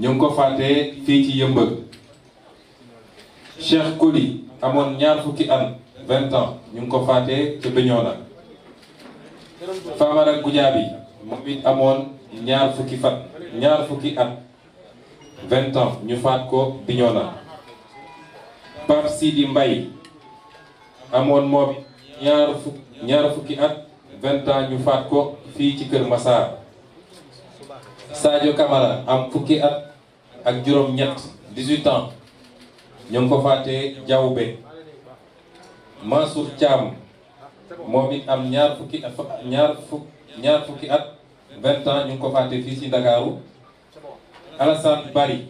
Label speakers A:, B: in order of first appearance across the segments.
A: ñu ngi ko fàttee fii ci yëmbëg Cheikh Koli amoon ñaar fukki at vingt ans ñu ngi ko fàttee ca Bignona Famara Goudiaby moom it amoon ñaar fukki fan ñaar fukki at vingt ñu faat ko Bignona Pape amoon moom ñaar fukki ñaar fukki at vingt ans ñu faat ko fii ci Kër Massar Sadio Camara am fukki at ak juróom-ñett 18 ans ñoo ngi ko faatee Diawbe Mansour Thiam moom it am ñaar fukki ñaar ñaar fukki at 20 ans ñu ngi ko faatee fii ci Ndakaaru Alassane Bari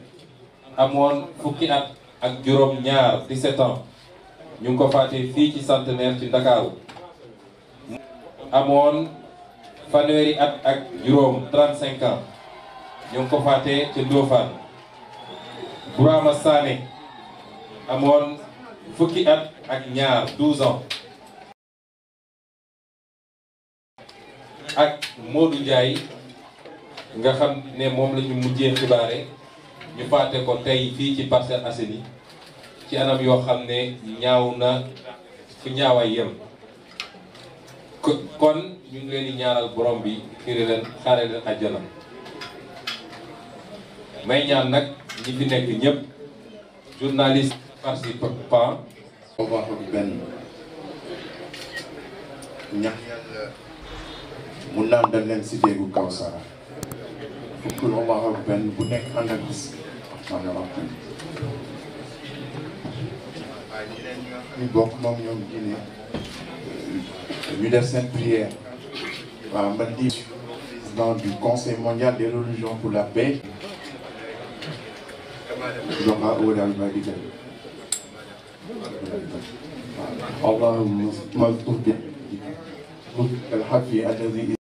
A: amoon fukki at ak juróom-ñaar 17 ans ñu ngi ko faatee fii ci Centenaire ci Ndakaaru amoon fanweeri at ak juróom 35 ans ñu ngi ko faatee ci Ndofane. Bourama Sané amoon fukki at ak ñaar 12 ans ak Modou Ndiaye nga xam ne moom la ñu mujjee xibaare ñu fàtte ko tey fii ci Parcelles Assainies ci anam yoo xam ne ñaaw na fu ñaawaay yem kon ñu ngi leen di ñaaral boroom bi xiri leen xaare leen àjjana may ñaan nag ñi fi nekk ñëpp journaliste participant convention bi benn ñax mu naan dal leen si déggu Kawsara fukki convention bi benn bu nekk ànd ak bis maanaam ak ñu bokk moom ñoom Guinée ñu def seen prière waaw man du conseil mondial des religions pour la paix دعاء العباد اللهم ملطف
B: بالحق الذي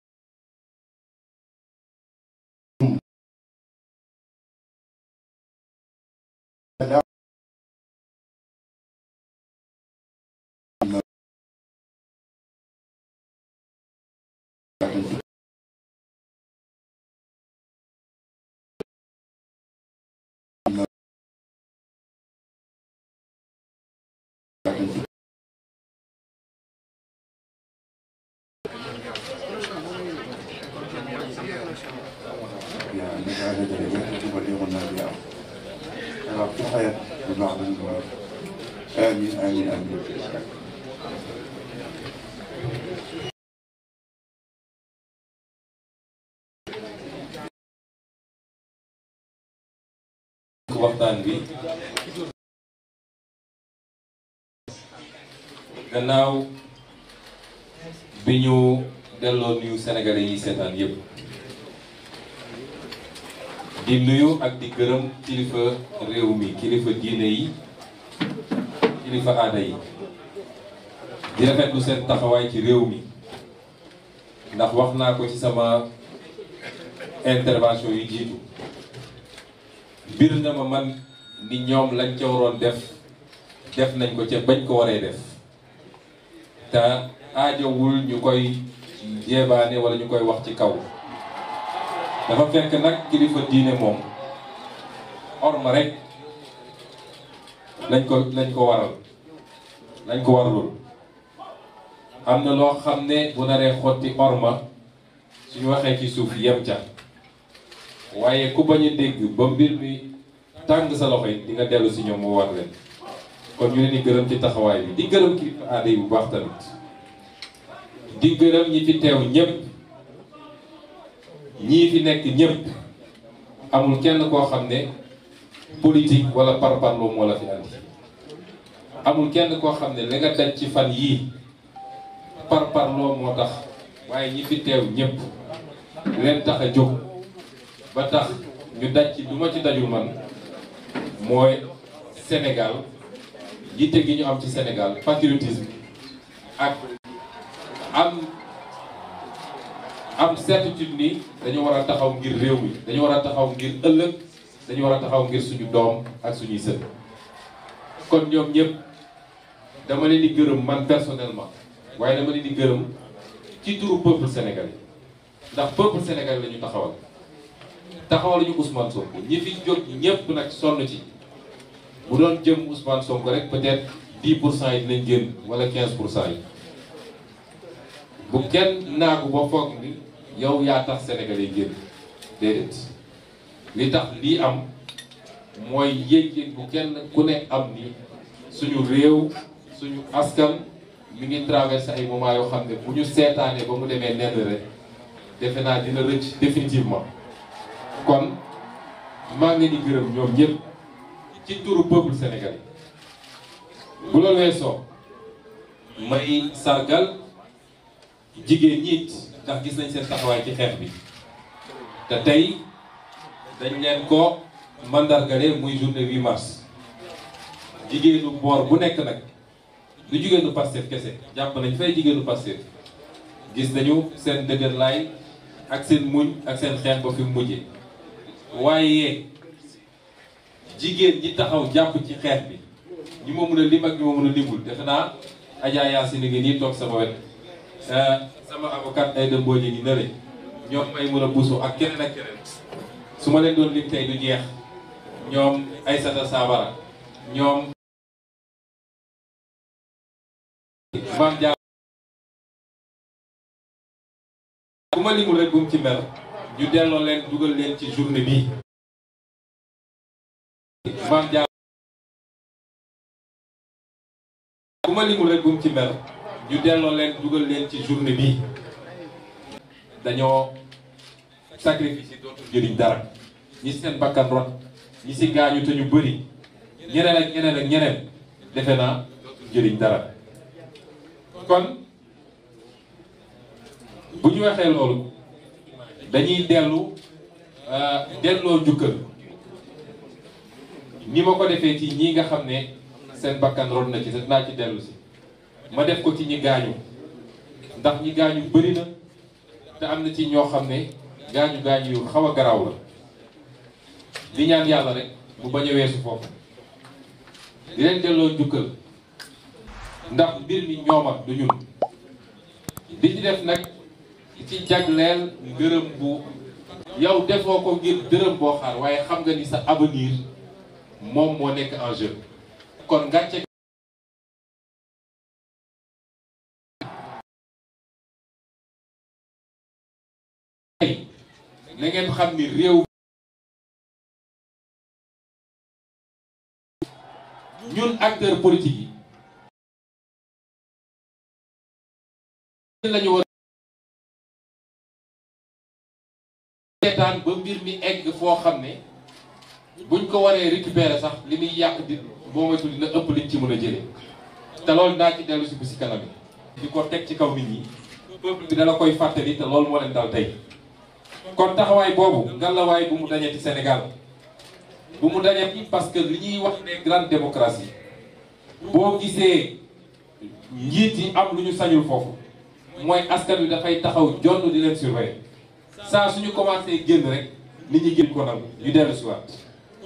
A: لهذا درجات تبلغنا بها في الحياة ببعض الأموال آمين آمين آمين waxtaan bi gannaaw bi ñu delloo nuyu sénégalais yi seetaan yëpp di nuyu ak di gërëm kilifa réew mi kilifa diine yi kilifa aada yi di rafetlu seen taxawaay ci réew mi ndax wax naa ko ci sama intervention yu jiitu mbir na ma man ni ñoom lañ ca waroon def def nañ ko ca bañ ko waree def te ñu koy jeebaane wala ñu koy wax ci kaw dafa fekk nag kilifa diine moom orma rek lañ ko lañ ko waral lañ ko waralul am na loo xam ne bu naree xotti orma suñu waxee ci suuf yem ca waaye ku bañ dégg ba mbir mi tàng sa loxo yi di nga dellu si ñoom mu war leen kon ñu leen di gërëm ci taxawaay bi di gërëm ki aada bu baax tamit di gërëm ñi fi teew ñëpp ñii fi nekk ñëpp amul kenn koo xam ne politique wala parparloo moo la fi andi amul kenn koo xam ne li nga daj ci fan yii parparloo moo tax waaye ñi fi teew ñëpp leen tax a jóg ba tax ñu daj ci du ma ci daju man mooy Sénégal yitte gi ñu am ci Sénégal patriotisme ak am am certitude ni dañu war taxaw ngir réew mi dañu war a taxaw ngir ëllëg dañu war a taxaw ngir suñu doom ak suñuy sët kon ñoom ñëpp dama leen di gërëm man personnellement waaye dama leen di gërëm ci turu peuple sénégalais ndax peuple sénégalais la ñu taxawal taxawal ñu Ousmane Sonko ñi fi jóg ñëpp nag sonn ci bu doon jëm Ousmane Sonko rek peut-être 10 pour cent yi dinañ génn wala 15 pour cent yi bu kenn naagu ba foog ni yow yaa tax Sénégal yi génn déedéet li tax lii am mooy yéeg bu kenn ku ne am ni suñu réew suñu askan mi ngi traversé ay moment yoo xam ne bu ñu seetaanee ba mu demee nenn rek defe naa dina rëcc définitivement kon maa ngi di gërëm ñoom ñëpp. ci turu peuple sénégalais bu loolu weesoo may sargal jigéen ñiit ndax gis nañ seen taxawaay ci xeex bi te tey dañ leen ko mandargale muy journée 8 mars jigéenu boor bu nekk nag lu jigéenu Pastef kese jàpp nañ fay jigéenu Pastef gis nañu seen dëgër laay ak seen muñ ak seen xeex ba fi mujjee waaye jigéen ñi taxaw jàpp ci xeex bi ñi ma mën a lim ak ñi ma mën a limul defe naa Adja Yacine ngi nii toog sama wet eh, sama avocat ay dëmboo ji ni nële ñoom may mën a buusu ak keneen ak keneen su ma leen doon lim tey du jeex ñoom Aysata Saabara ñoom
B: maam Dia bu ma limul rek bu ci mel ñu delloo leen dugal leen ci journée bi maam Dia.
A: bu ma limul rek ci mer ñu delloo leen dugal leen ci journée bi dañoo sacrifice dootul jëriñ dara ñi seen bakkan rot ñi si gaañu te ñu bëri ñeneen ak ñeneen ak ñeneen defe naa dootul jëriñ dara kon bu ñu waxee loolu dañuy dellu euh, delloo jukkal ni ma ko defee ci ñii nga xam ne seen bakkan ron na ci sa naa ci dellusi ma def ko ci ñi gaañu ndax ñi gaañu bëri te am na ci ñoo xam ne gaañu gaañu yu xaw a garaaw la di ñaan yàlla rek mu bañ a weesu foofu di delloo njukkal ndax mbir mi ñoom du ñun li ñu def nag ci jagleel ngërëm bu yow defoo ko ngir dërëm boo xaar waaye xam nga ni sa avenir moom moo nekk en jeu kon gàcce
B: na ngeen xam ni réew ñun acteur politique yi lañu war seetaan ba mbir mi egg foo xam
A: ne buñ ko waree récupérer sax li muy yàq di boo moytul dina ëpp liñ ci mun a jëlee te loolu naa ci dellu si bu si kanam di ko teg ci kaw nit ñi peuple bi dala koy fàttali te loolu moo leen dal tey kon taxawaay boobu ngalawaay bu mu dañee ci Sénégal bu mu dañee ci parce que li ñuy wax ne grande démocratie boo gisee njiit yi am lu ñu sañul foofu mooy askan wi dafay taxaw jonn di leen surveiller saa suñu commencé génn rek nit ñi génn ko nangu ñu dellu si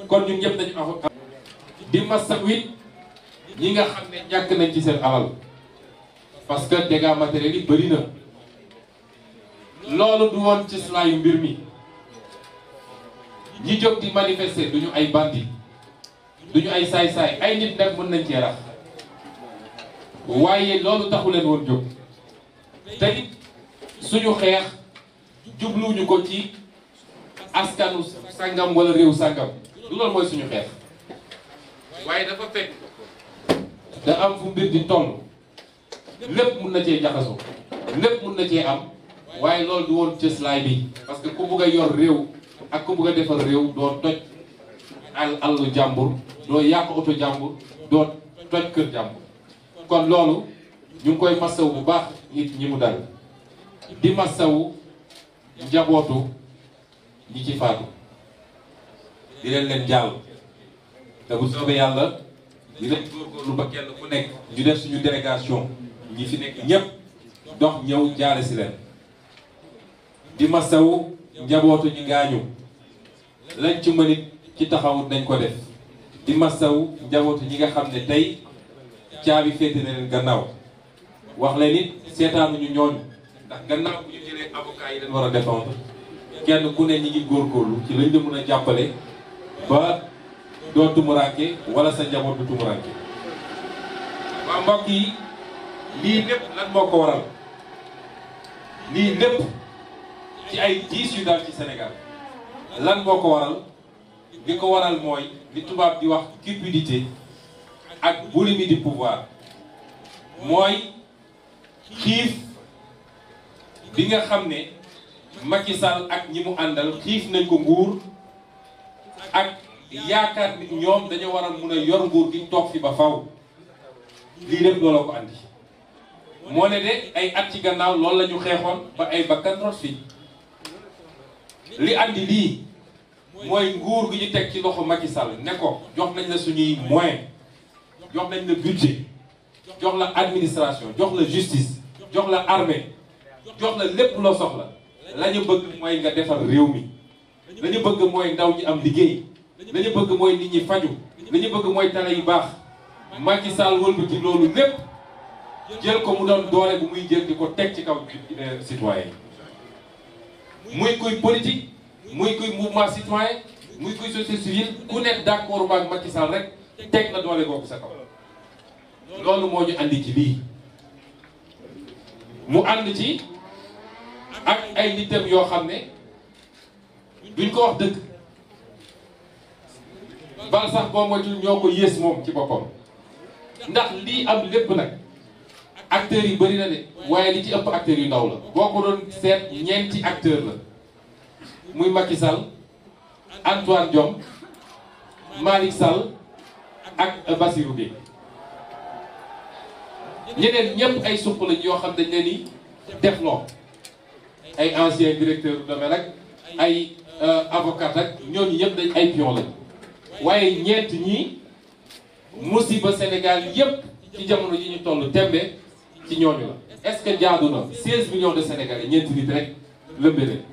A: kon ñun ñëpp nañu am di masawit ñi nga xam ne ñàkk nañ ci seen alal parce que dégâts matériels yi bëri na loolu du woon ci mbir mi ñi jóg di manifester duñu ay bandi duñu ay saay-saay ay nit nag mën nañ cee rax waaye loolu taxu leen woon jóg te it suñu xeex jubluwuñu ko ci askanu sàngam wala réew sàngam du loolu mooy suñu xeex waaye dafa fekk da am fu mbir di toll lépp mun na cee jaxasoo lépp mun na cee am waaye loolu du woon cëslaay bi parce que ku bugg a yor réew ak ku bugg a defar réew doo toj al allu jàmbur doo yàq oto jàmbur doo toj kër jàmbur kon loolu ñu ngi koy massaw bu baax nit ñi mu dal di massaw njabootu ñi ci faatu di leen leen jàll te bu soobee yàlla dinañ góorgóorlu ba kenn ku nekk ñu def suñu délégation ñi fi nekk ñëpp dox ñëw jaale si leen di masaw njabootu ñi gaañu lañ ci mënit ci taxawut nañ ko def di masaw njabootu ñi nga xam ne tey caabi féete na leen gannaaw wax leen it seetaanuñu ñooñu ndax gannaaw bu ñu jëlee avocat yi leen war a défendre kenn ku ne ñi ngi góorgóorlu ci lañ la mën a jàppale ba doo tumuranke wala sa njaboot bu tumuranke waa mbokk yi lii lépp lan moo ko waral lii lépp ci ay diis yu daal ci senegal lan boo ko waral bi ko waral mooy li tubaab di wax cupidité ak boulimie du pouvoir mooy xiif bi nga xam ne Macky Sall ak ñi mu àndal xiif nañ ko nguur ak yaakaar ni ñoom dañu war a mun a yor nguur gi toog fi ba faw lii lépp looloo ko andi moo ne de ay at ci gannaaw loolu lañu xeexoon ba ay bakkan rot fi li andi lii mooy nguur gi ñu teg ci loxo Macky Sall ne ko jox nañ la suñuy moyen jox nañ la budget jox na administration jox la justice jox la armée jox na lépp loo soxla la ñu bëgg mooy nga defar réew mi la ñu bëgg mooy ndaw ñi am liggéey la ñu bëgg mooy nit ñi faju lañu ñu bëgg mooy tale yu baax Macky Sall wëlbati loolu lépp jël ko mu doon doole bu muy jël di ko teg ci kaw euh, citoyen muy kuy politique muy kuy mouvement citoyen muy kuy société civile ku nekk d'accord maag Macky Sall rek teg na doole googu sa kaw loolu moo ñu andi ci lii mu ànd ci ak ay nitam yoo xam ne duñ ko wax dëgg bal sax boo ñoo ko yées moom ci boppam ndax lii am lépp nag acteur yi bëri na de waaye li ci ëpp acteurs yu ndaw la boo ko doon seet ñeenti acteur la muy Macky Sall Antoine Diome Malick Sall ak Bassirou Guèye ñeneen ñëpp ay suq lañ yoo xam dañ leen ni def loo ay ancien directeur du domaine ay Euh, avocat ak ñooñu ñëpp dañ ay pion lañ waaye ñeent ñi musiba Sénégal yépp ci jamono yi ñu toll tembe ci ñooñu la est-ce que na 16 millions de Sénégalais ñeenti nit rek lëmbele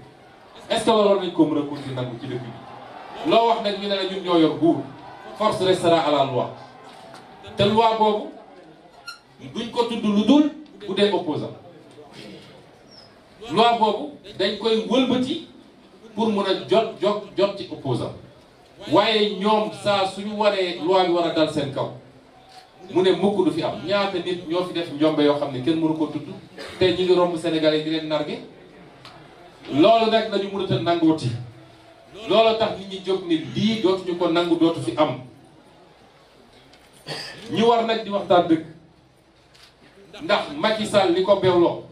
A: est waroon nañ ko mën a continuer nangu ci dëkk bi loo wax nag ñu ne la ñun ñoo buur force restera à la loi te loi boobu duñ ko tudd lu dul bu dee opposant loi boobu dañ koy wëlbati pour mën a jot jot jot ci opposant waaye ñoom saa ñu waree loi bi war a dal seen kaw mu ne mukk du fi am ñaata nit ñoo fi def njombe yoo xam ne kenn mënu koo tudd te ñi ngi romb Sénégalais di leen narge loolu nag dañu mënut a nangooti loolu tax nit ñi jóg ni lii dootuñu ko nangu dootu fi am ñu war nag di waxtaan dëgg ndax Macky saal li ko bewloo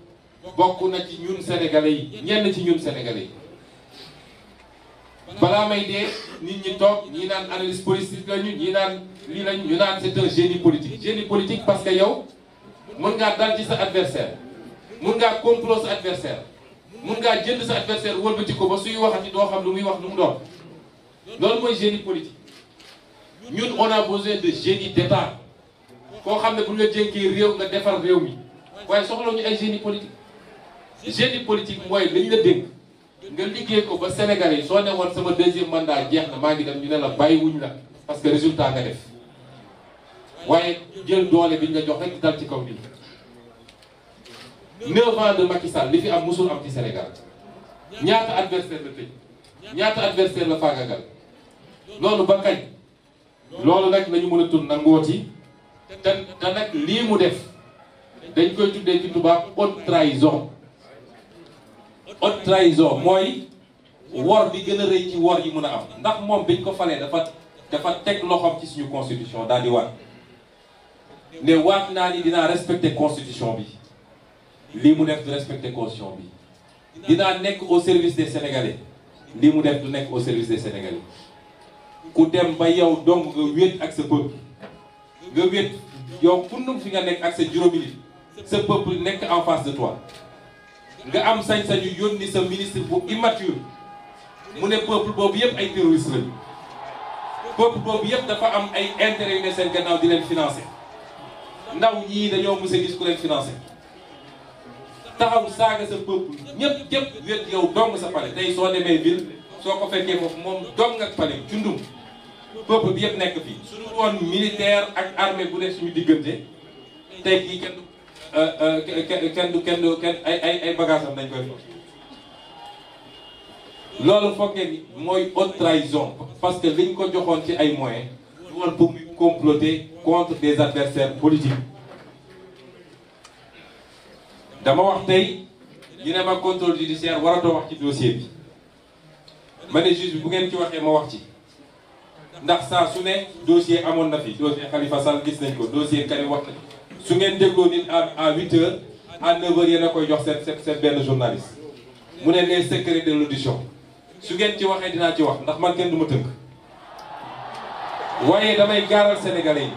A: bokk na ci ñun sénégalais yi ñenn ci ñun sénégalais yi balaa may dee nit ñi toog ñii naan analyse politique lañu ñii naan lii lañu ñu naan c'est un génie politique génie politique parce que yow mën ngaa dal ci sa adversaire mën ngaa complot sa adversaire mën ngaa jënd sa adversaire wëlbati ko ba suy waxati doo xam lu muy wax lu mu doon loolu mooy génie politique ñun on a besoin de génie d'État koo xam ne bu ñu la jénkee réew nga defar réew mi waaye soxla ñu ay génie politique génie politique mooy lañu la dénk nga liggéey ko ba Sénégal yi soo ne sama sama deuxième mandat jeex na maa ngi dem ñu ne la bàyyi wuñ la parce que résultat nga def waaye jël doole bi ñu la jox rek dal ci kaw bi neuf ans de Macky Sall li fi am musul am ci Sénégal ñaata adversaire la tëj ñaata adversaire la faagagal loolu ba kañ loolu nag lañu mën a tur nangooti te te nag lii mu def dañ koy tuddee ci tubaab haute trahison haute trahison mooy wor bi gën a rëy ci wor yi mun a am ndax moom biñ ko falee dafa dafa teg loxoom ci suñu constitution daal di waat ne waat naa ni dinaa respecter constitution bi lii mu def du respecter constitution bi dinaa nekk au service des sénégalais li mu def du nekk au service des sénégalais ku dem ba yow dong nga wéet ak sa peuple nga wéet yow pour fi nga nekk ak sa juróomi nit sa peuple nekk en face de toi. nga am sañ-sañu yónni sa ministre bu immature mu ne peuple boobu yëpp ay terroriste lañu boobu yëpp dafa am ay intérêt yu ne seen gannaaw di leen financé ndaw ñii dañoo mës a gis ku leen financé taxaw saaga sa peuple ñëpp ñëpp wet yow dong sa pale tey soo demee ville soo ko fekkee foofu moom dong ak pale cundum peuple bi yëpp nekk fii suñu woon militaire ak armée bu def suñu diggante tey kii kenn kenn du kenn du kenn ay ay ay bagages am nañ koy fa loolu foog ngeen mooy haute trahison parce que liñ ko joxoon ci ay moyens du woon pour muy comploter contre des adversaires politiques dama wax tey ñu ne ma contrôle judiciaire waratoo wax ci dossier bi ma ne juge bi bu ngeen ci waxee ma wax ci ndax saa su ne dossier amoon na fi dossier Khalifa Sall gis nañ ko dossier Karim wax nañ su ngeen dégloo nit à huit heures à neuf heures yéen a koy jox seen seen benn journaliste mu ne les secrets de l'audition su ngeen ci waxee dinaa ci wax ndax man kenn du ma tënk waaye damay gaaral sénégalais yi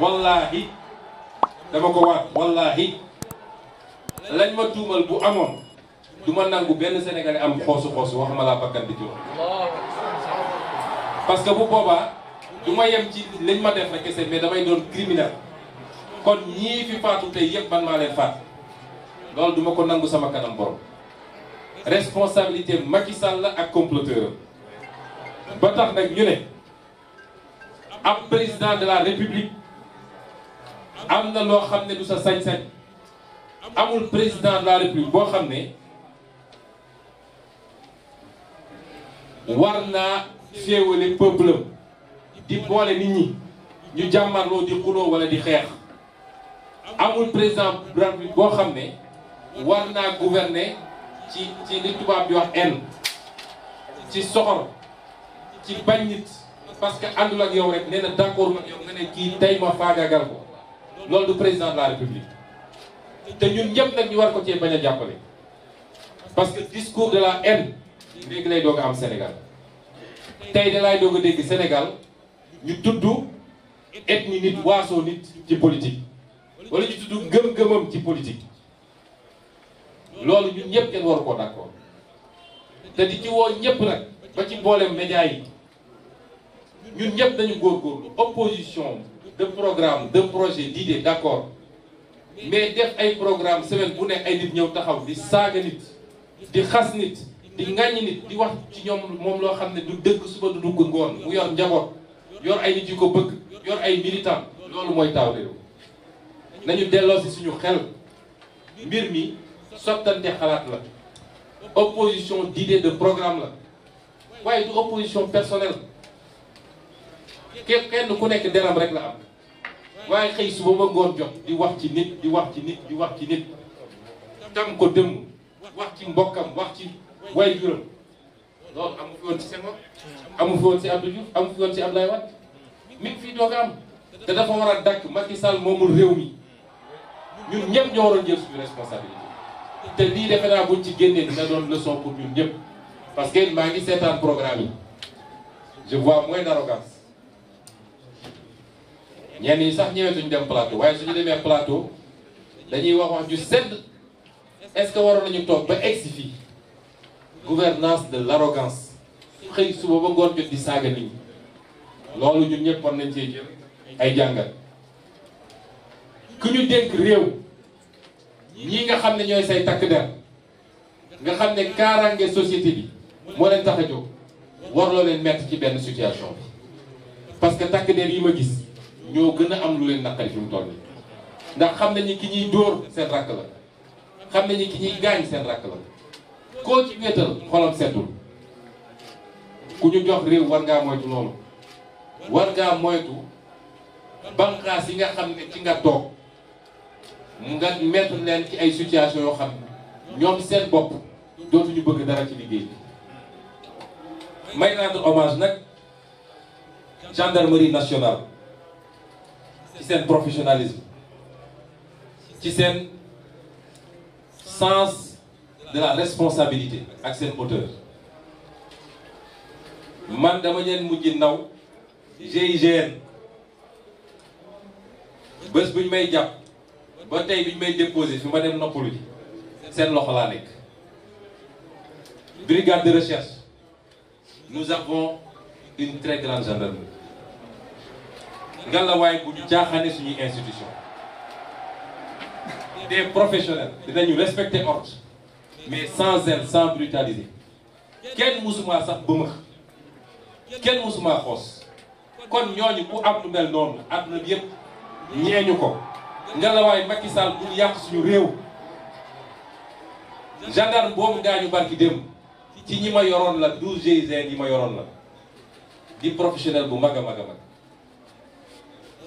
A: wallaahi dama ko waat wallaahi lañ ma tuumal bu amoon du ma nangu benn sénégalais am xoosu xoosu waxuma laa bakkan di ci wax parce que bu boobaa du ma yem ci liñ ma def rek kese mais damay doon criminel kon ñii fi faatu tey yëpp man maa leen faat loolu duma ko nangu sama kanam boroom responsabilité Macky Sall la ak comploteur ba tax nag ñu ne ab président de la république am na loo xam ne du sa sañ-sañ amul président de la république boo xam ne war naa féewale peuple di boole nit ñi ñu jàmmarloo di xuloo wala di xeex amul président de la République boo xam ne war naa gouverner ci ci li tubaab bi wax haine ci soxor ci bañ nit parce que àndul ak yow rek nee na d'accord ak yow nga ne kii tey ma faagaagal ko loolu du président de la République te ñun ñëpp nag ñu war ko cee bañ a jàppale parce que discours de la haine léegi lay doo a am Sénégal tey da laay doog a dégg Sénégal ñu tudd ethnie nit waasoo nit ci politique wala ñu tudd ngëm-ngëmam ci politique loolu ñun ñëpp kenn war koo di ci ñëpp nag ba ci mboolem média yi ñun ñëpp dañu góorgóorlu opposition de programme de projet d'idée d'accord mais def ay programme semaine bu ne ay nit ñëw taxaw di saaga nit di xas nit di ŋàññi nit di wax ci ñoom moom loo xam ne du dëgg suba du dugg ngoon mu yor njaboot yor ay nit yu ko bëgg yor ay militant loolu mooy taaw réew nañu delloosi suñu xel mbir mi sottante xalaat la opposition d'idée de programme la waaye du opposition personnelle kenn ku nekk deram rek la am waaye xëy suba ba ngoon jot di wax ci nit di wax ci nit di wax ci nit tam ko dëmm wax ci mbokkam wax ci waajuram loolu amu fi woon ci Senghor amu fi woon ci Abdou Diouf amu fi woon ci Abdoulaye Wade mi ngi fii doog am te dafa war a dàkk Macky Sall moomul réew mi ñun ñëpp ñoo waroon jël suñu responsabilité te lii defe naa buñ ci génnee dina doon leçon pour ñun ñëpp parce que maa ngi seetaan programme yi je vois moins d'arrogance ñenn yi sax ñëwetuñ dem plateau waaye suñu demee plateau dañuy wax wax ju sedd est-ce que waroon nañu toog ba egsi fii gouvernance de l'arrogance xëy suba ba ngoon jot di saaga nit loolu ñun ñëpp war nañ cee jël ay jàngat ku ñu dénk réew ñii nga xam ne ñooy say takk der nga xam ne kaaraange société bi moo leen tax a jóg warloo leen mettre ci benn situation bi parce que takk der yi ma gis ñoo gën a am lu leen naqari fi mu toll nii ndax xam nañu ki ñuy dóor seen rakk la xam nañu ki ñuy gaañ seen rakk la koo ci wéetal xolam setul ku ñu jox réew war ngaa moytu loolu war ngaa moytu banqaas yi nga xam ne ki nga toog nga mettre leen ci ay situation yoo xam ñoom seen bopp dootuñu bëgg dara ci liggéey bi may rendre hommage nag gendarmerie nationale ci seen professionnalisme ci seen sens de la responsabilité ak seen hauteur man dama leen mujj ndaw GIGN bés bu may jàpp ba tey bi ñu may déposé fi ma dem noppalu ji seen loxo laa nekk brigade de recherche nous avons une très grande gendarmerie ngalawaay bu ñu jaaxaane suñuy institution des professionnels dinañu respecter ordre mais sans zèle sans brutaliser kenn mësuma sax bëmëx kenn mësuma xoos kon ñooñu ku am lu mel noonu àdduna bi yëpp ñeeñu ko ngelawaay Macky Sall bul yàq suñu réew gendarme boobu gaañu barki démb ci ñi ma yoroon la 12 GIGN yi ma yoroon la di professionnel bu mag a mag a mag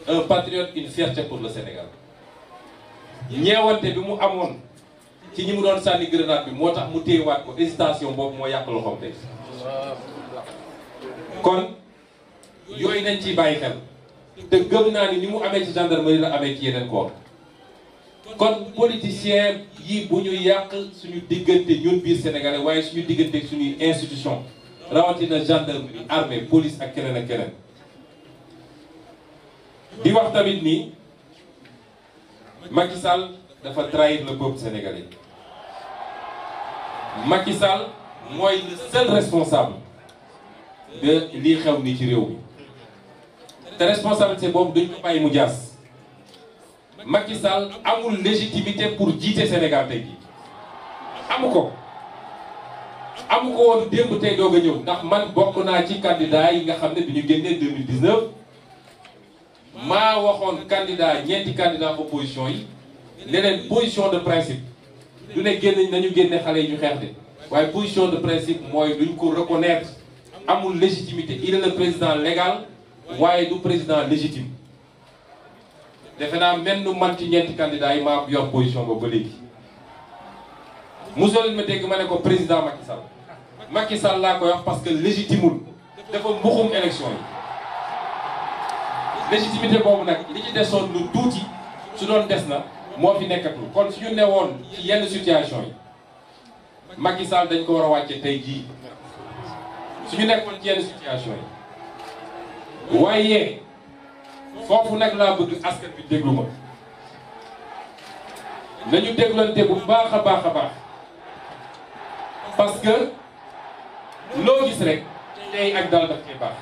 A: un patriote une pour le Sénégal ñeewante bi mu amoon ci ñi mu doon sànni grenade bi moo tax mu téyewaat ko hésitation boobu moo yàq loxoom tey kon yooyu nañ ciy bàyyi xel. te gëm naa ni ni mu amee ci gendarmerie la amee ci yeneen corps kon politicien yi bu ñu yàq suñu diggante ñun biir sénégalais waaye suñu diggante suñuy institution rawatina gendarmerie armée police ak keneen ak keneen di wax tamit nii Macky Sall dafa trahir le peuple sénégalais Macky Sall mooy le seul responsable de lii xew nii ci réew mi te responsabilité boobu duñ ko bàyyi mu jaas Macky Sall amul légitimité pour jiite Sénégal tey jii amu ko amu ko woon démb tey doog a ñëw ndax man bokk naa ci candidat yi nga xam ne bi ñu génnee 2019 maa waxoon candidat ñeenti candidat opposition yi ne leen position de principe du ne génn nañu génne xale yi ñu xeex de waaye position de principe mooy duñ ko reconnaître amul légitimité il est président légal waaye du président légitime defe naa mel nu man ci ñeenti candidat yi maa yor position boobu ba léegi mosoleen ma dégg ma ne ko président Macky Sall Macky Sall laa koy wax parce que légitimul dafa mbuxum élection yi légitimité boobu nag li ci desoon lu tuuti su doon des na moo fi nekkatul kon suñu woon ci yenn situation yi Macky Sall dañ ko war a wàcce tey jii su suñu nekkoon ci yenn situation yi waaye foofu nag laa bëgg askan bi déglu ma nañu déglante bu baax a baax a baax parce que loo gis rek tey ak dal daf koy baax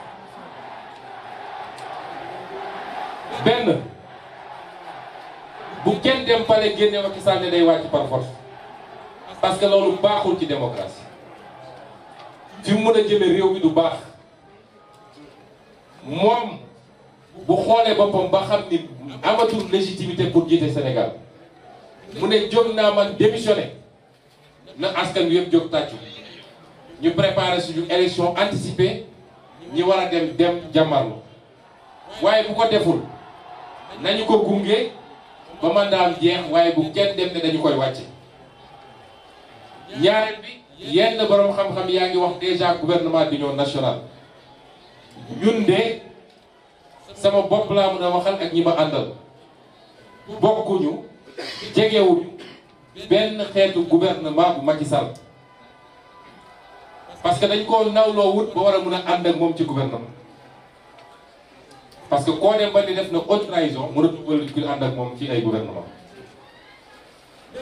A: benn bu kenn dem pale génne Macky Sall ne day wàcc par force parce loolu baaxul ci démocratie fi mu mën a jëme réew mi du baax moom bu xoolee boppam ba xam ni amatul légitimité pour jiite Sénégal mu ne jot naa man démissionné na askan wi yëpp jóg tàccu ñu préparer suñu élection anticipée ñi war a dem dem jàmmarlu waaye bu ko deful nañu ko gunge ba mandaam jeex waaye bu kenn dem ne dañu koy wàcce ñaareel bi yenn boroom xam-xam yaa ngi wax déjà gouvernement d'union nationale ñun de sama bopp laa mën a waxal ak ñi ma àndal bokkuñu jegewuñu benn xeetu gouvernement bu Macky Sall parce que dañ koo nawloo wut ba war a mën a ànd ak moom ci gouvernement parce que koo dem ba ni def na haute trahison mën moom ci ay gouvernement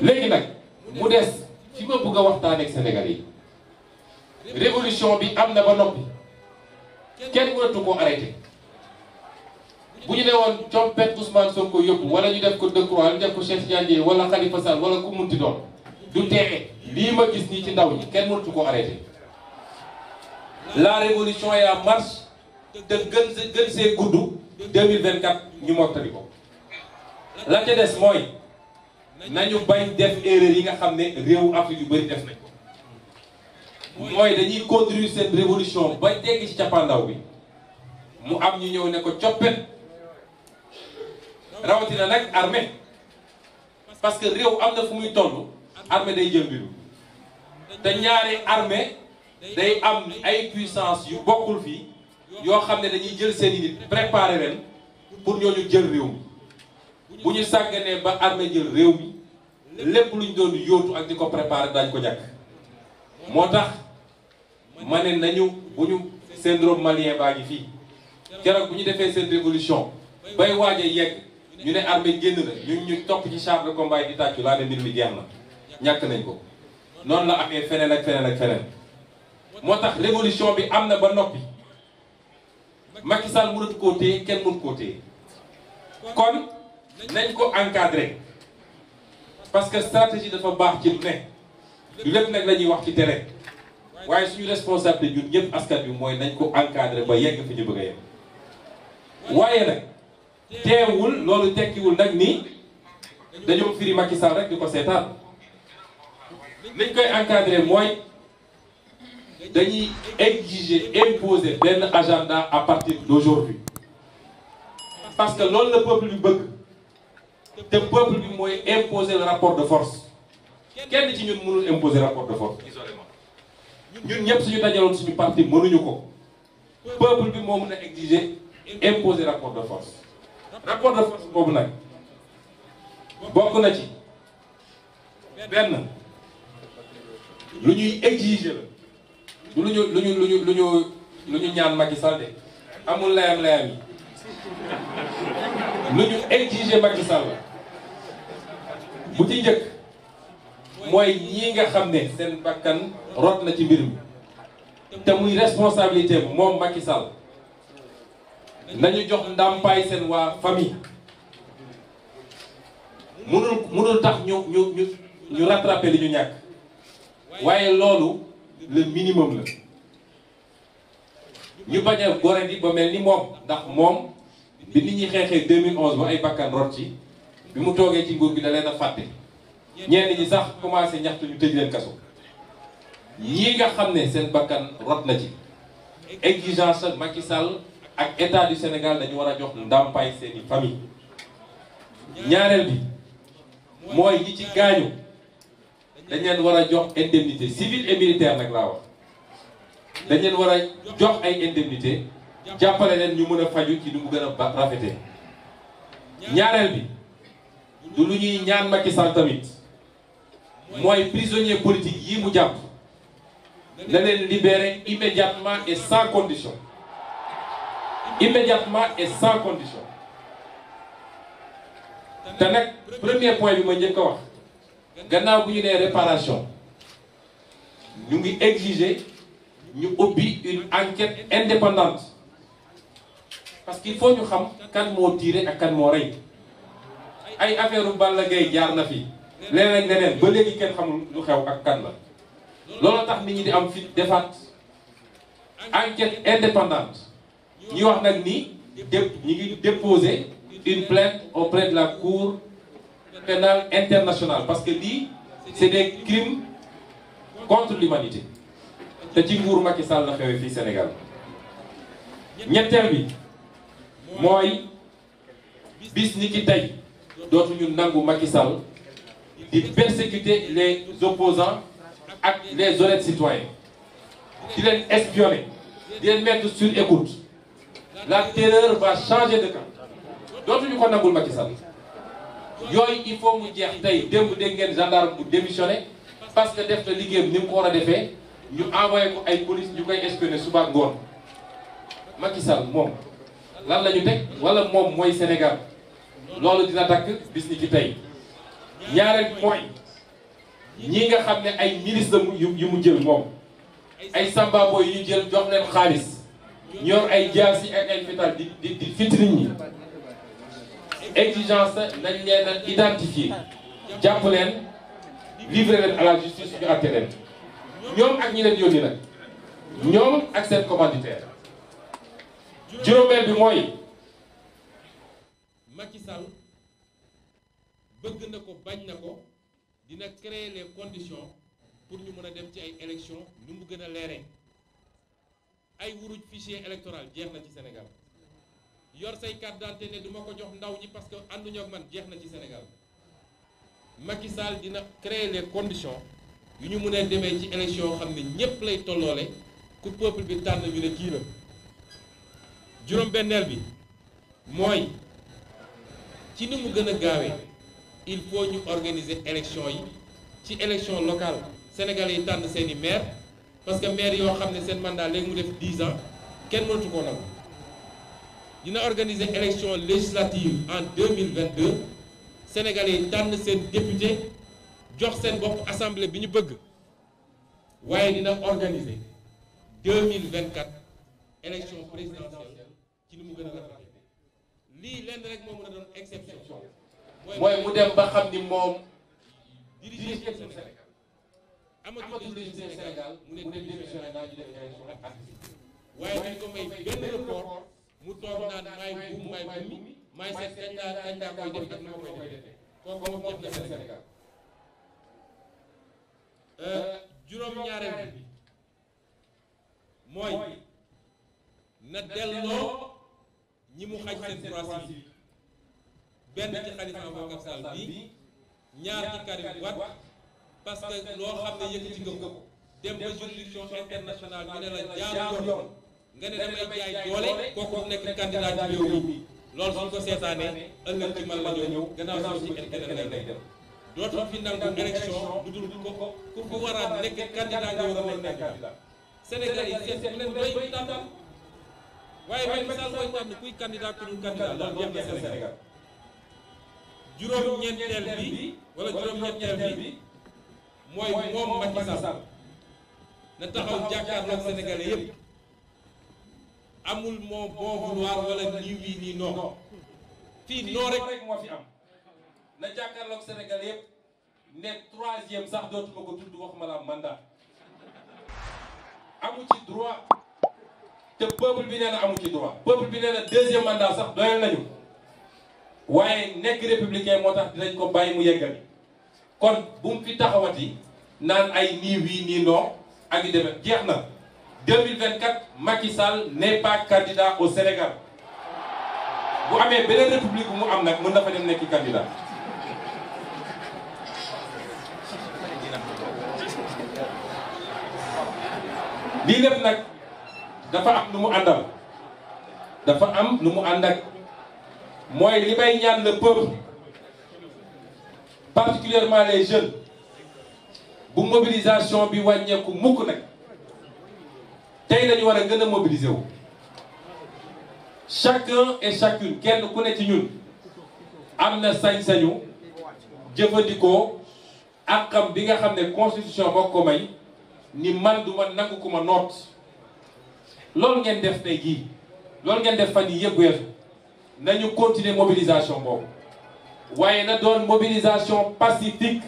A: léegi nag mu des ci ma bëgg a waxtaan ak Sénégalais yi révolution bi am na ba noppi kenn mënatu ko arrêté bu ñu ne woon compet Ousmane Sonko yóbbu wala ñu def ko Decroix ñu def ko Cheikh Ndiaye wala Khalifa Sall wala ku munti doon du texe lii ma gis nii ci ndaw ñi kenn mënatu ko arrêté la révolution est en marche te gën gën see gudd 2024 ñu mottali ko la ca des mooy nañu bañ def erreur yi nga xam ne réew Afrique yu bari def nañ mooy dañuy conduire seen révolution ba dégg ci cappaandaw bi mu am ñu ñëw ne ko coppet rawatina nag armée parce que réew am na fu muy toll armée day jël mbiru te ñaari armée day am ay puissance yu bokkul fii yoo xam ne dañuy jël seen i nit préparer ren pour ñooñu jël réew mi bu ñu sàgganee ba armée jël réew mi lépp lu ñu doon yóotu ak di ko préparer dañ ko ñàkk moo tax ma ne nañu bu ñu syndrome malien baa ngi fii keroog bu ñu defee seen révolution bay waaj a yegg ñu ne armée génn na ñu ñu topp ci char de combat yi di tàccu laa ne mbir mi jeex na ñàkk nañ ko noonu la amee feneen ak feneen ak feneen moo tax révolution bi am na ba noppi Macky Sall mënatu koo téye kenn mënu koo téye kon nañ ko encadré parce que stratégie dafa baax ci lu ne lu lépp nag la ñuy wax ci terrain waaye suñu responsabilité ñun ñëpp askan bi mooy nañ ko encadré ba yegg fi ñu bëgg a waaye nag teewul loolu tekkiwul nag ni dañoo firi Macky Sall rek di ko seetaan liñ koy encadré mooy dañuy exiger imposer benn agenda à partir d'aujourd'hui parce que loolu la peuple bi bëgg te peuple bi mooy imposer le rapport de force kenn ci ñun mënul imposer rapport de force isolément ñun ñëpp suñu dajaloon suñu parti mënuñu ko peuple bi moo na a exiger imposer rapport de force rapport de force boobu nag bokk na ci benn lu ñuy exiger la lu ñu lu ñu lu ñu lu ñu lu ñu ñaan Macky Sall de amul layam layam yi lu ñu exiger Macky bu ci njëkk mooy ñi nga xam ne seen bakkan rot na ci mbir mi te muy responsabilité moom Macky Sall nañu jox ndàmpaay seen waa famille mënul mënul tax ñu ñu ñu ñu rattraper li ñu ñàkk waaye loolu le minimum la ñu bañ a gore di ba mel ni moom ndax moom bi nit ñi xeexee 2011 ba ay bakkan rot ci bi mu toogee ci nguur gi da leen a fàtte ñenn ñi sax commencé ñaxtu ñu tëj leen kaso ñii nga xam ne seen bakkan rot na ci exigence ak Macky Sall ak état du Sénégal dañu war a jox ndàmpaay seeni famille ñaareel bi mooy ñi ci gaañu dañ leen war a jox indemnité civile et militaire nag laa wax dañ leen war a jox ay indemnité jàppale leen ñu mën a faju ci nu mu gën a rafete ñaareel bi du lu ñuy ñaan Macky Sall tamit mooy prisonnier politique yi mu jàpp na leen libérer immédiatement et sans condition immédiatement et sans condition te nag premier point bi ma njëkk a wax gannaaw bu ñu nee réparation ñu ngi exiger ñu ubbi une enquête indépendante parce qu'il faut ñu xam kan moo tiire ak kan moo rey ay affaire u Balla Gaye jaar na fii leneen ak leneen ba léegi kenn xamul lu xew ak kan la looloo tax nit ñi di am fit defaat enquête indépendante ñi wax nag ni dép ñi ngi déposer une plainte auprès de la cour pénale internationale parce que lii c'est des crimes contre l'humanité te ci nguur Macky Sall na xewee fii Sénégal ñetteel bi mooy bis ni ki tey dootuñu nangu Macky Sall di persécuter les opposants ak les honnêtes citoyens di leen espionner di leen mettre sur écoute la terreur va changer de camp dootuñu ko nangul Macky Sall yooyu il faut mu jeex tey démb dégg ngeen gendarme bu démissionné parce que def na liggéeyam ni mu ko war a defee ñu envoyé ay police ñu koy espionner suba ngoon Macky moom lan la ñu teg wala moom mooy Sénégal loolu dina takk bis ci tey ñaareel mooy. ñi nga xam ne ay ministre yu mu jël moom ay sambabo yu ñu jël jox leen xaalis ñor ay jaas yi ak ay fital di di di fit exigence nañ leen a identifier jàpp leen livrer leen à la justice ñu leen ñoom ak ñi leen yónni nag ñoom ak seen commanditaire juróomeel bi mooy Macky na ko bañ na ko dina créer les conditions pour ñu mën a dem ci ay élections ni mu gën a leeree ay wuruj fichier électoral jeex na ci senegal yor say carte d'identité ne du ko jox ndaw ñi parce que ànduñu ak man jeex na ci Sénégal Macky Sall dina créer les conditions yu ñu mën a demee ci élection xam ne ñépp lay tolloole ku peuple bi tànn ñu ne kii la juróom-benneel bi mooy ci ni mu gën a gaawee il faut ñu organiser élection yi ci élection local sénégal yi tànn seeni i maire parce que maire yoo xam ne seen mandat léegi mu def 10 ans kenn mënatu koo nangu dina organiser élection législative en mille 2022 sénégal yi tànn seen député jox seen bopp assemblée bi ñu bëgg waaye dina organiser 2024 élection présidentielle ci li mu gën a rafetee lii lenn rek moo mën a doon exception mooy mu dem ba xam ni moom dirigé suñu Sénégal amatul dirigé Sénégal ne démissionné naa ñu def élection ko may benn rapport mu toog naan maay buum maay buum maay seet kañ laa kañ laa koy def ak na ma koy defee kooku euh, juróom-ñaareel bi mooy na delloo ñi mu xaj seen droit civique benn ci xalifa Ababacar Sall bi ñaar ci Karim Wade parce que loo xam ne yëkkati nga ko dem ba juridiction internationale ñu ne la jaaru yoon nga ne damay jaay doole kooku mu nekk candidat ci réew mi loolu suñ ko seetaanee ëllëg ci man la ñëw gannaaw soo ci intérêt lay dem dootul fi nangu élection lu dul ku fi war a nekk candidat nga war a nekk Sénégal yi seet bu leen doy tànn waaye même Sall mooy tànn kuy candidat ku dul candidat loolu jeex na juróom-ñeenteel bi wala juróom-ñeenteel bi mooy moom Macky na taxaw jàkkaarloog sénégalais yépp amul moo bon vouloir wala nii wii nii non fii non rek moo fi am na yépp ne troisième sax dootuma ko tudd waxuma la mandat amu ci droit te peuple bi nee na amu ci droit peuple bi nee na deuxième sax doyal nañu waaye nekk républicain moo tax dinañ ko bàyyi mu yeggali kon bu mu fi taxawati naan ay nii wii nii non ak yu demee jeex na 2024 Macky Sall n'est pas candidat au Sénégal bu amee beneen république bu mu am nag mën dafa dem nekki candidat lii lépp nag am lu mu àndal dafa am lu mu ànd ak mooy li may ñaan le peuple particulièrement les jeunes bu mobilisation bi wàññeeku mukk nag tey lañu war a gën a mobiliser wu chacun et chacune kenn ku ne ci ñun am na sañ-sañu jëfandikoo ak bi nga xam ne constitution moo ko may ni man du ma nangu ku ma noot loolu ngeen def tey jii loolu ngeen def fan yi yëpp weesu nañu continuer mobilisation boobu waaye na doon mobilisation pacifique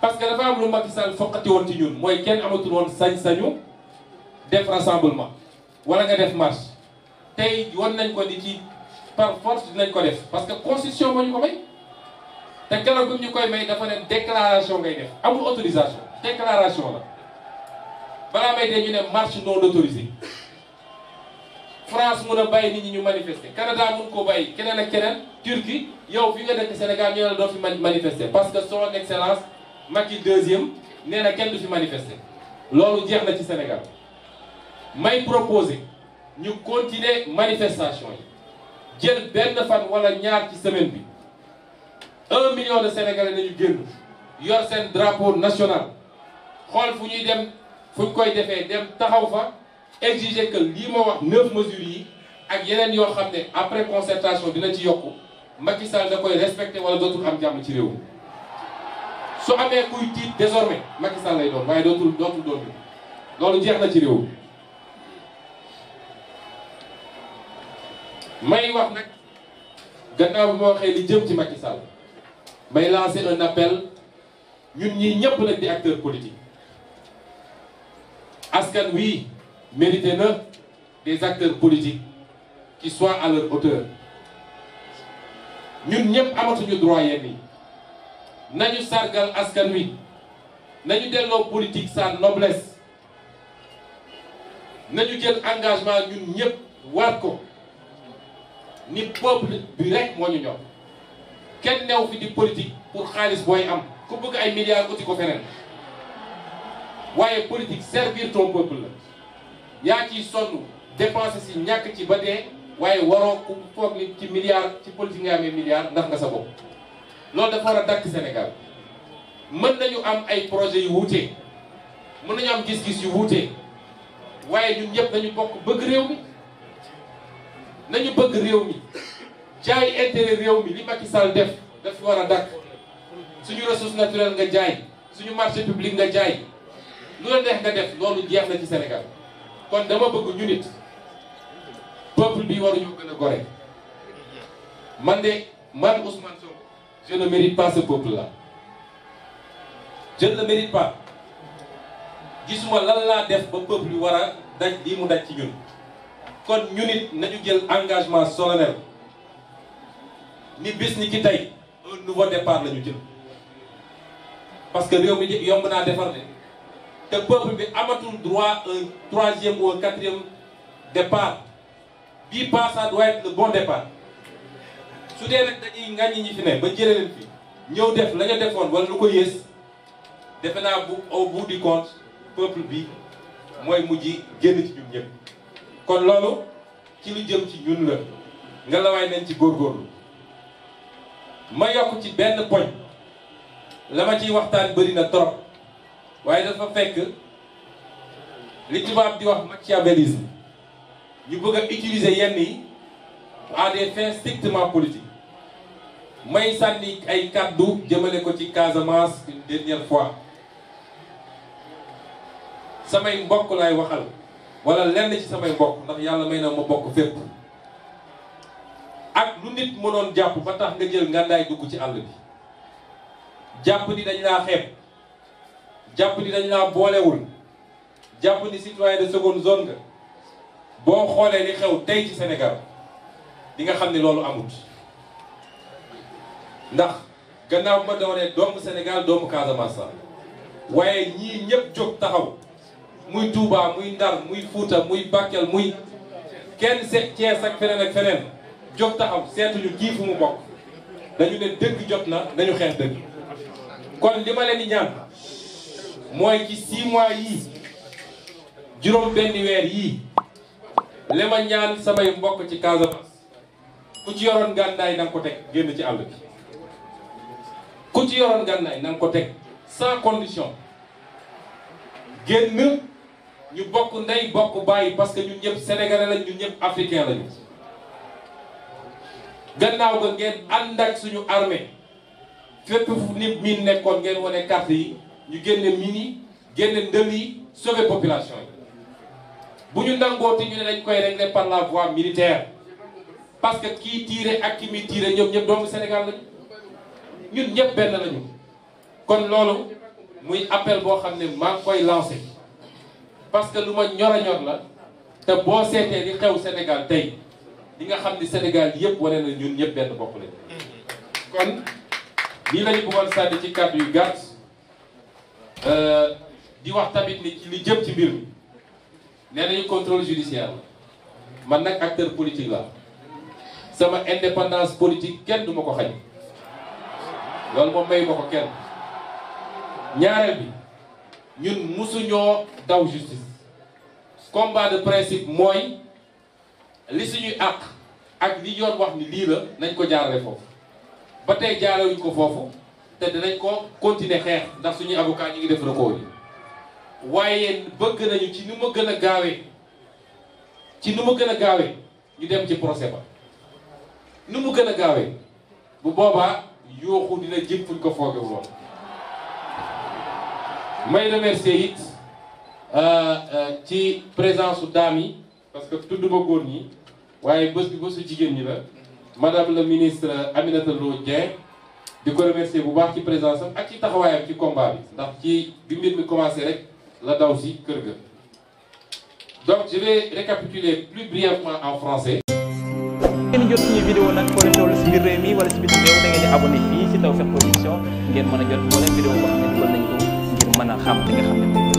A: parce que dafa am lu Macky Sall foqati woon ci ñun mooy kenn amatul woon sañ-sañu def rassemblement wala nga def marche tey won nañ ko ni ci par force nañ ko def parce que constitution moo ñu ko may te keroog bi ñu koy may dafa ne déclaration ngay def amul autorisation déclaration la balaa may dee ñu ne marche non autorisée. France mun a bàyyi nit ñi ñu manifester Canada mun koo bàyyi keneen a keneen Turquie yow fi nga dëkk Sénégal ñu ne la doo fi manifester parce que son excellence Macky deuxième nee na kenn du fi manifester loolu jeex na ci Sénégal may proposer ñu continuer manifestation yi jël benn fan wala ñaar ci semaine bi un million de Sénégalais nañu génn yor seen drapeau national xool fu ñuy dem fu ñu koy defee dem taxaw fa. exiger que lii moo wax neuf mesures yi ak yeneen yoo xam ne après concertation dina ci yokk Macky Sall da koy respecté wala dootul am jàmm ci réew mi su amee kuy tiit désormais Macky Sall lay doon waaye dootul dootul doon loolu jeex na ci réew mi may wax nag gannaaw bi ma waxee li jëm ci Macky Sall may lancer un appel ñun ñi ñëpp nag di acteur politique askan wi mérité na des acteurs politiques qui soit à leur hauteur ñun ñëpp amatuñu droit yenn nañu sargal askan wi nañu delloo politique sa noblesse nañu jël engagement ñun ñëpp war ko ni peuple bi rek moo ñu ñor kenn new fi di politique pour xaalis booy am ku bëgg ay milliards uti ko feneen waaye politique servir ton peuple la yaa ciy sonn dépensé si ñàkk ci ba dee waaye waroo ku foog nit ci milliard ci politique nga amee milliard ndax nga sa bopp loolu dafa war a dakk Sénégal mën nañu am ay projet yu wuute mën nañu am gis-gis yu wuute waaye du ñëpp nañu bokk bëgg réew mi nañu bëgg réew mi jaay intérêt réew mi li Macky Sall def daf war a dakk suñu ressource naturelle nga jaay suñu marché public nga jaay lu la neex nga def loolu jeex na ci Sénégal kon dama bëgg ñu nit peuple bi waruñu gën a gore man de man Ousmane Sonko je ne mérite pas ce peuple là je ne le mérite pas gisuma lan laa def ba peuple bi war a daj lii mu daj ci ñun kon ñu nañu jël engagement solennel ni bis ni ki tey un nouveau départ la ñu jël parce que réew yomb naa defar ne te peuple bi amatul droit un euh, troisième ou un quatrième départ bii bon départ su dee nag dañuy ŋàññi ñi fi ne ba jëlee fi ñëw def la ñu defoon wala lu ko yées defe naa bu au bout du compte peuple bi mooy mujj génn ci ñun ñëpp. kon loolu ci lu jëm ci ñun la nga la waay nañ ci góorgóorlu ma yokk ci benn poñ la ma ciy waxtaan bëri na trop. waaye dafa fekk li di wax machiavélisme ñu bëgg a utiliser yenn yi à des fins strictement politiques may sànni ay kàddu jëmale ko ci Casamance une dernière fois samay mbokk laay waxal wala lenn ci samay mbokk ndax yàlla may na ma bokk fépp ak lu nit mënoon jàpp ba tax nga jël ngàndaay dugg ci àll bi jàpp ni dañ laa xeeb jàpp ni dañ naa boolewul jàpp ni citoyen de seconde zone nga boo xoolee li xew tey ci Sénégal di nga xam ne loolu amut ndax gannaaw ma doonee doomu Sénégal doomu Casamance la waaye ñii ñëpp jóg taxaw muy Touba muy Ndar muy Fuuta muy Bakel muy kenn seet Cees ak feneen ak feneen jóg taxaw seetuñu kii fu mu bokk dañu ne dëgg jot na dañu xeex dëgg kon li ma leen ñaan mooy ci six yii juróom benn weer yii li samay mbokk ci Casamance ku ci yoroon gànnaay na nga ko teg génn ci àll bi ku ci yoroon gànnaay na nga ko teg sans condition génn ñu bokk ndey bokk bàyyi parce que ñun ñëpp sénégalais lañ ñun ñëpp africain lañu gannaaw ga ngeen ànd ak suñu armée fépp fu nit miin nekkoon ngeen wane carte yi ñu génne mini génne ndël yi sauver population yi bu ñu nangooti ñu ne dañ koy régler par la voie militaire parce que kii tiire ak ki muy tiire ñoom ñëpp doomu Sénégal lañu ñun ñëpp benn lañu kon loolu muy appel boo xam ne maa koy lancé parce que lu ma ñor a ñor la te boo seetee li xew Sénégal tey li nga xam ni Sénégal yëpp wane na ñun ñëpp benn bopp lañu kon lii lañu bëggoon sànni ci kàddu yu gàtt Euh, di wax tamit ni li jëm ci mbir mi nee nañu contrôle judiciaire man nag acteur politique la sama indépendance politique kenn duma ko xañ loolu moom mayu ma ko kenn ñaareel bi ñun musuñoo daw justice combat de principe mooy li suñuy àq ak li yoon wax ni lii la nañ ko jaarale foofu ba tey jaarewuñ ko foofu te dinañ ko continuer xeex ndax suñuy avocat ñu ngi def recours yi waaye bëgg nañu ci nu ma gën a gaawee ci nu ma gën a gaawee ñu dem ci procès ba nu mu gën a gaawee bu boobaa yooxu dina jëm fuñ ko foogewul woon may remercier it euh, euh, ci présence su daam yi parce que tudd ma góor ñi waaye bés bi bésu jigéen ñi la madame la ministre Aminata Lo Dieng di ko remercier bu baax ci présence am ak ci taxawaayam ci combat bi ndax ci bi mbir mi commencé rek la daw si kër ga donc je vais récapituler plus brièvement en français. ngeen jot suñu vidéo nag foo leen toll si biir réew mi wala si biir réew da ngeen di abonné fii ngeen mën a jot moo leen vidéo boo xam ne dugal nañ ko mën a xam li
B: xam ne